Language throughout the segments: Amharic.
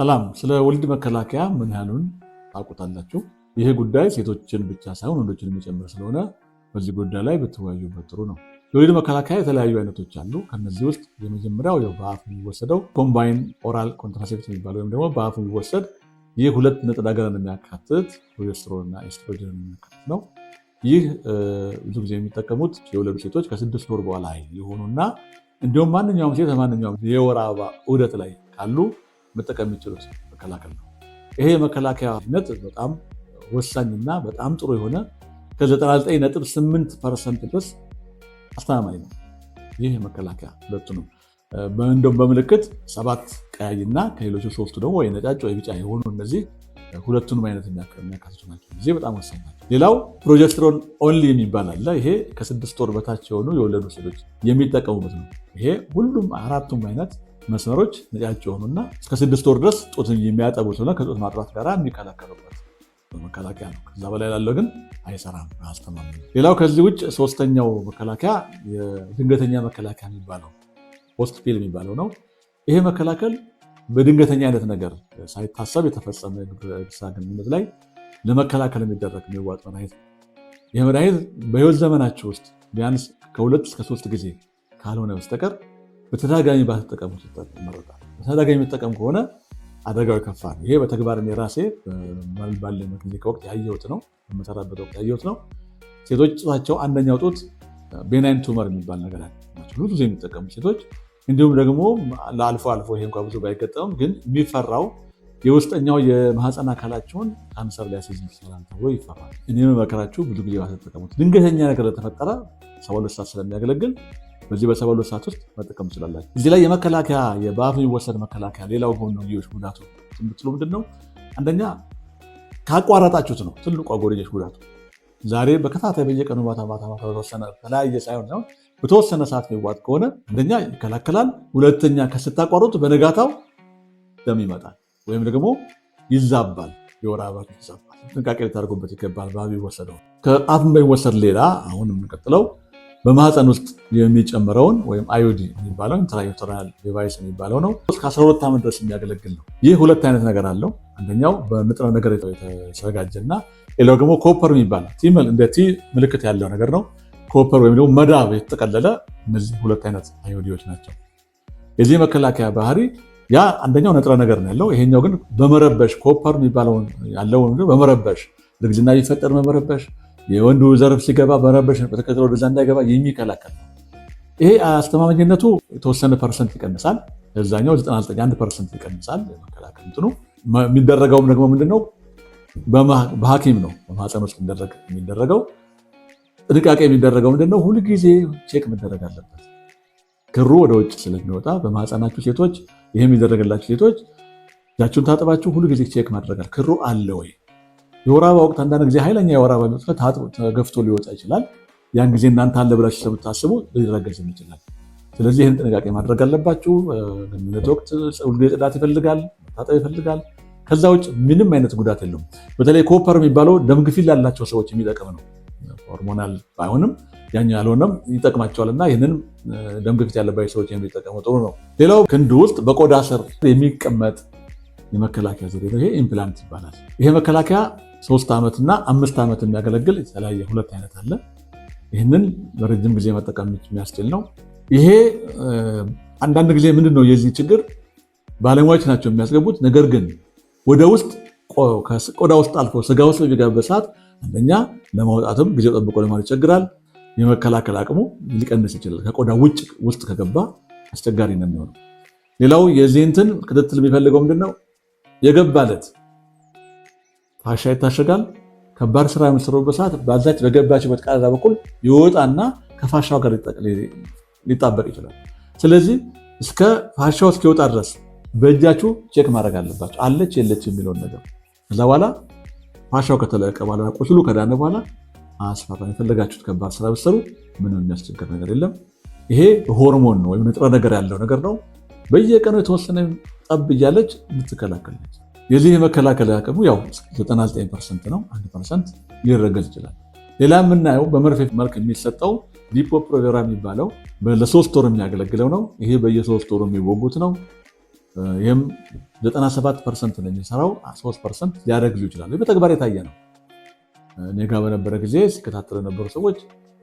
ሰላም። ስለ ወሊድ መከላከያ ምን ያህሉን ታውቁታላችሁ? ይህ ጉዳይ ሴቶችን ብቻ ሳይሆን ወንዶችን የሚጨምር ስለሆነ በዚህ ጉዳይ ላይ ብትወያዩበት ጥሩ ነው። የወሊድ መከላከያ የተለያዩ አይነቶች አሉ። ከነዚህ ውስጥ የመጀመሪያው በአፍ የሚወሰደው ኮምባይን ኦራል ኮንትራሴፕቲቭ የሚባለ ወይም ደግሞ በአፍ የሚወሰድ ይህ ሁለት ንጥረ ነገርን የሚያካትት ፕሮጀስትሮን እና ኤስትሮጅን የሚያካትት ነው። ይህ ብዙ ጊዜ የሚጠቀሙት የወለዱ ሴቶች ከስድስት ወር በኋላ የሆኑና እንዲሁም ማንኛውም ሴት ማንኛውም የወር አበባ ዑደት ላይ ካሉ መጠቀም የሚችሉት መከላከል ነው። ይሄ የመከላከያ ነጥብ በጣም ወሳኝና በጣም ጥሩ የሆነ ከ99.8 ፐርሰንት ድረስ አስተማማኝ ነው። ይህ የመከላከያ ሁለቱ ነው። እንደውም በምልክት ሰባት ቀያይና ከሌሎቹ ሶስቱ ደግሞ ወይ ነጫጭ ወይ ቢጫ የሆኑ እነዚህ ሁለቱንም አይነት የሚያካትቱ ናቸው። ጊዜ በጣም ወሳኝ ናቸው። ሌላው ፕሮጀስትሮን ኦንሊ የሚባል አለ። ይሄ ከስድስት ወር በታች የሆኑ የወለዱ ሴቶች የሚጠቀሙበት ነው። ይሄ ሁሉም አራቱም አይነት መስመሮች ነጫጭ የሆኑና እስከ ስድስት ወር ድረስ ጡት የሚያጠቡ ስለሆነ ከጡት ማጥባት ጋር የሚከላከሉበት መከላከያ ነው። ከዛ በላይ ላለው ግን አይሰራም፣ አስተማማኝ። ሌላው ከዚህ ውጭ ሶስተኛው መከላከያ የድንገተኛ መከላከያ የሚባለው ሆስፒታል የሚባለው ነው። ይሄ መከላከል በድንገተኛ አይነት ነገር ሳይታሰብ የተፈጸመ ግብረ ግንኙነት ላይ ለመከላከል የሚደረግ የሚዋጥ መድኃኒት ነው። ይህ መድኃኒት በህይወት ዘመናቸው ውስጥ ቢያንስ ከሁለት እስከ ሶስት ጊዜ ካልሆነ በስተቀር በተደጋጋሚ ባትጠቀሙ ይመረጣል። በተደጋጋሚ የሚጠቀም ከሆነ አደጋው የከፋ ነው። ይሄ በተግባር እኔ ራሴ ባለ ክሊኒክ ወቅት ያየሁት ነው፣ በምሰራበት ወቅት ያየሁት ነው። ሴቶች ጡታቸው አንደኛው ጡት ቤናይን ቱመር የሚባል ነገር ናቸው ብዙ ጊዜ የሚጠቀሙ ሴቶች እንዲሁም ደግሞ ለአልፎ አልፎ ይሄ እንኳ ብዙ ባይገጠምም ግን የሚፈራው የውስጠኛው የማህፀን አካላቸውን ካንሰር ሊያስይዝ ይችላል ተብሎ ይፈራል። እኔም መከራችሁ ብዙ ጊዜ ባትጠቀሙት። ድንገተኛ ነገር ለተፈጠረ ሰባ ሁለት ሰዓት ስለሚያገለግል በዚህ በሰባ ሁለት ሰዓት ውስጥ መጠቀም ትችላላችሁ። እዚህ ላይ የመከላከያ የባፍ የሚወሰድ መከላከያ ሌላው ጎንዮሽ ጉዳቱ ምትሉ ምንድን ነው? አንደኛ ካቋረጣችሁት ነው ትልቁ ጎንዮሽ ጉዳቱ ዛሬ በከታታይ በየቀኑ ማታ ማታ ማታ በተወሰነ ተለያየ ሳይሆን ሳይሆን በተወሰነ ሰዓት የሚዋጥ ከሆነ አንደኛ ይከላከላል፣ ሁለተኛ ከስታቋርጡት በነጋታው ደም ይመጣል ወይም ደግሞ ይዛባል፣ የወር አበባችሁ ይዛባል። ጥንቃቄ ልታደርጉበት ይገባል። ባቢ ወሰደው ከአፍ በሚወሰድ ሌላ አሁን የምንቀጥለው በማህፀን ውስጥ የሚጨምረውን ወይም አዮዲ የሚባለው ኢንትራዩተራል ዲቫይስ የሚባለው ነው። እስከ 12 ዓመት ድረስ የሚያገለግል ነው። ይህ ሁለት አይነት ነገር አለው። አንደኛው በንጥረ ነገር የተዘጋጀ እና ሌላው ደግሞ ኮፐር የሚባል ቲመል እንደ ቲ ምልክት ያለው ነገር ነው። ኮፐር ወይም ደግሞ መዳብ የተጠቀለለ እነዚህ ሁለት አይነት አዮዲዎች ናቸው። የዚህ መከላከያ ባህሪ ያ አንደኛው ንጥረ ነገር ነው ያለው። ይሄኛው ግን በመረበሽ ኮፐር የሚባለውን ያለው በመረበሽ እርግዝና ቢፈጠር መመረበሽ የወንዱ ዘርፍ ሲገባ በረበሽ በተከተለ ወደዛ እንዳይገባ የሚከላከል ነው። ይሄ አስተማማኝነቱ የተወሰነ ፐርሰንት ይቀንሳል፣ እዛኛው 991 ፐርሰንት ይቀንሳል። መከላከል እንትኑ የሚደረገውም ደግሞ ምንድነው በሐኪም ነው በማፀን ውስጥ የሚደረገው ጥንቃቄ የሚደረገው ምንድነው ሁልጊዜ ቼክ መደረግ አለበት። ክሩ ወደ ውጭ ስለሚወጣ በማህፀናችሁ ሴቶች ይህ የሚደረግላችሁ ሴቶች እጃችሁን ታጥባችሁ ሁልጊዜ ቼክ ማድረጋል ክሩ አለ ወይ የወር አበባ ወቅት አንዳንድ ጊዜ ኃይለኛ የወር አበባ መጥፋት ታጥቦ ተገፍቶ ሊወጣ ይችላል። ያን ጊዜ እናንተ አለ ብላችሁ ስለምታስቡ ሊረገዝም ይችላል። ስለዚህ ይህን ጥንቃቄ ማድረግ አለባችሁ። ግንኙነት ወቅት ሁልጊዜ ጽዳት ይፈልጋል፣ መታጠብ ይፈልጋል። ከዛ ውጭ ምንም አይነት ጉዳት የለውም። በተለይ ኮፐር የሚባለው ደም ግፊት ላላቸው ሰዎች የሚጠቅም ነው። ሆርሞናል ባይሆንም ያኛው ያልሆነም እና ይህንን ደም ግፊት ያለባቸው ሰዎች የሚጠቀሙ ጥሩ ነው። ሌላው ክንድ ውስጥ በቆዳ ስር የሚቀመጥ የመከላከያ ዘዴ ነው። ይሄ ኢምፕላንት ይባላል። ይሄ መከላከያ ሶስት ዓመትና አምስት ዓመት የሚያገለግል የተለያየ ሁለት አይነት አለ። ይህንን ለረጅም ጊዜ መጠቀም የሚያስችል ነው። ይሄ አንዳንድ ጊዜ ምንድን ነው የዚህ ችግር ባለሙያዎች ናቸው የሚያስገቡት። ነገር ግን ወደ ውስጥ ቆዳ ውስጥ አልፎ ስጋ ውስጥ በሚገባበት ሰዓት አንደኛ ለማውጣትም ጊዜው ጠብቆ ለማለት ይቸግራል። የመከላከል አቅሙ ሊቀንስ ይችላል። ከቆዳ ውጭ ውስጥ ከገባ አስቸጋሪ ነው የሚሆነው። ሌላው የዚህ እንትን ክትትል የሚፈልገው ምንድን ነው የገባለት ፋሻ ይታሸጋል። ከባድ ስራ የሚሰሩበት ሰዓት በዛች በገባችበት ቃዳ በኩል ይወጣና ከፋሻው ጋር ሊጣበቅ ይችላል። ስለዚህ እስከ ፋሻው እስኪወጣ ድረስ በእጃችሁ ቼክ ማድረግ አለባቸው፣ አለች የለች የሚለውን ነገር። ከዛ በኋላ ፋሻው ከተለቀ በኋላ ቁስሉ ከዳነ በኋላ አስፋፋ የፈለጋችሁት ከባድ ስራ ብትሰሩ ምንም የሚያስቸግር ነገር የለም። ይሄ ሆርሞን ነው ወይም ንጥረ ነገር ያለው ነገር ነው። በየቀኑ የተወሰነ ጠብ እያለች የምትከላከል ነች። የዚህ የመከላከል አቅሙ ያው 99 ፐርሰንት ነው። 1 ፐርሰንት ሊረገዝ ይችላል። ሌላ የምናየው በመርፌ መልክ የሚሰጠው ዲፖፕሮቬራ የሚባለው ለሶስት ወር የሚያገለግለው ነው። ይሄ በየሶስት ወሩ የሚወጉት ነው። ይህም 97 ፐርሰንት ነው የሚሰራው። 3 ፐርሰንት ሊያረግዙ ይችላሉ። በተግባር የታየ ነው። እኔ ጋ በነበረ ጊዜ ሲከታተሉ የነበሩ ሰዎች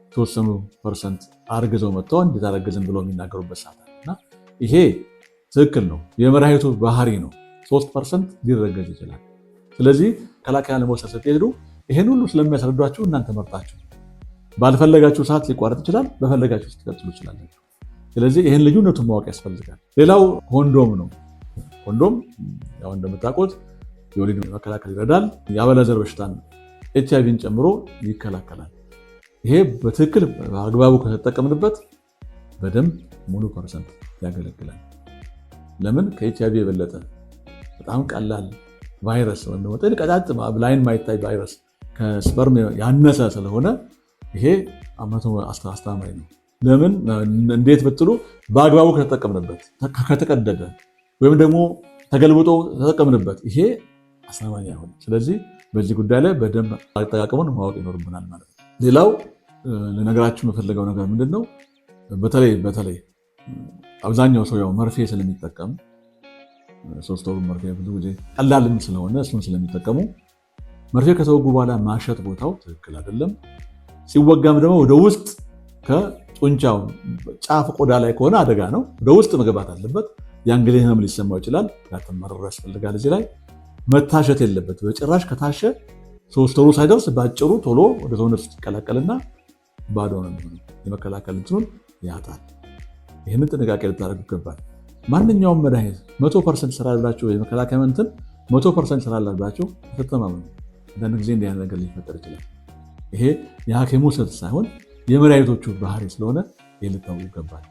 የተወሰኑ ፐርሰንት አርግዘው መጥተው እንዴት አረግዝን ብለው የሚናገሩበት ሰዓት እና ይሄ ትክክል ነው፣ የመድኃኒቱ ባህሪ ነው። ሶስት ፐርሰንት ሊረገዝ ይችላል። ስለዚህ ከላከያ ለመውሰድ ስትሄዱ ይሄን ሁሉ ስለሚያስረዷችሁ እናንተ መርጣችሁ ባልፈለጋችሁ ሰዓት ሊቋረጥ ይችላል፣ በፈለጋችሁ ስትቀጥሉ ይችላላችሁ። ስለዚህ ይህን ልዩነቱን ማወቅ ያስፈልጋል። ሌላው ኮንዶም ነው። ኮንዶም ያው እንደምታውቁት የወሊድ መከላከል ይረዳል። የአበላዘር በሽታን ኤች አይቪን ጨምሮ ይከላከላል። ይሄ በትክክል በአግባቡ ከተጠቀምንበት በደንብ ሙሉ ፐርሰንት ያገለግላል። ለምን ከኤች አይቪ የበለጠ በጣም ቀላል ቫይረስ ወይም ቀጣጥ ላይን ማይታይ ቫይረስ ከስፐርም ያነሰ ስለሆነ ይሄ አመቶ አስተማማኝ ነው። ለምን እንዴት ብትሉ በአግባቡ ከተጠቀምንበት፣ ከተቀደደ ወይም ደግሞ ተገልብጦ ተጠቀምንበት ይሄ አስተማማኝ አይሆንም። ስለዚህ በዚህ ጉዳይ ላይ በደንብ አጠቃቀሙን ማወቅ ይኖርብናል ማለት ነው። ሌላው ለነገራችሁ የምፈልገው ነገር ምንድን ነው? በተለይ በተለይ አብዛኛው ሰው ያው መርፌ ስለሚጠቀም ሶስት ወር መርፌ ብዙ ጊዜ ቀላልም ስለሆነ እሱን ስለሚጠቀሙ መርፌ ከተወጉ በኋላ ማሸት ቦታው ትክክል አይደለም። ሲወጋም ደግሞ ወደ ውስጥ ከጡንቻው ጫፍ ቆዳ ላይ ከሆነ አደጋ ነው። ወደ ውስጥ መግባት አለበት። የአንግሌ ህመም ሊሰማው ይችላል። ያተመረረ ያስፈልጋል። እዚህ ላይ መታሸት የለበት በጭራሽ። ከታሸ ሶስት ወሩ ሳይደርስ በአጭሩ ቶሎ ወደ ሰውነት ውስጥ ይቀላቀልና ባዶ ነው የሚሆነው። የመከላከል እንትኑን ያጣል። ይህንን ጥንቃቄ ልታደርጉ ይገባል። ማንኛውም መድኃኒት መቶ ፐርሰንት ስላላቸው የመከላከያ እንትን መቶ ፐርሰንት ስላላቸው ተተማመኑ። አንዳንድ ጊዜ እንዲህ ነገር ሊፈጠር ይችላል። ይሄ የሐኪሙ ስህተት ሳይሆን የመድኃኒቶቹ ባህሪ ስለሆነ ይህ ልታወቁ ይገባል።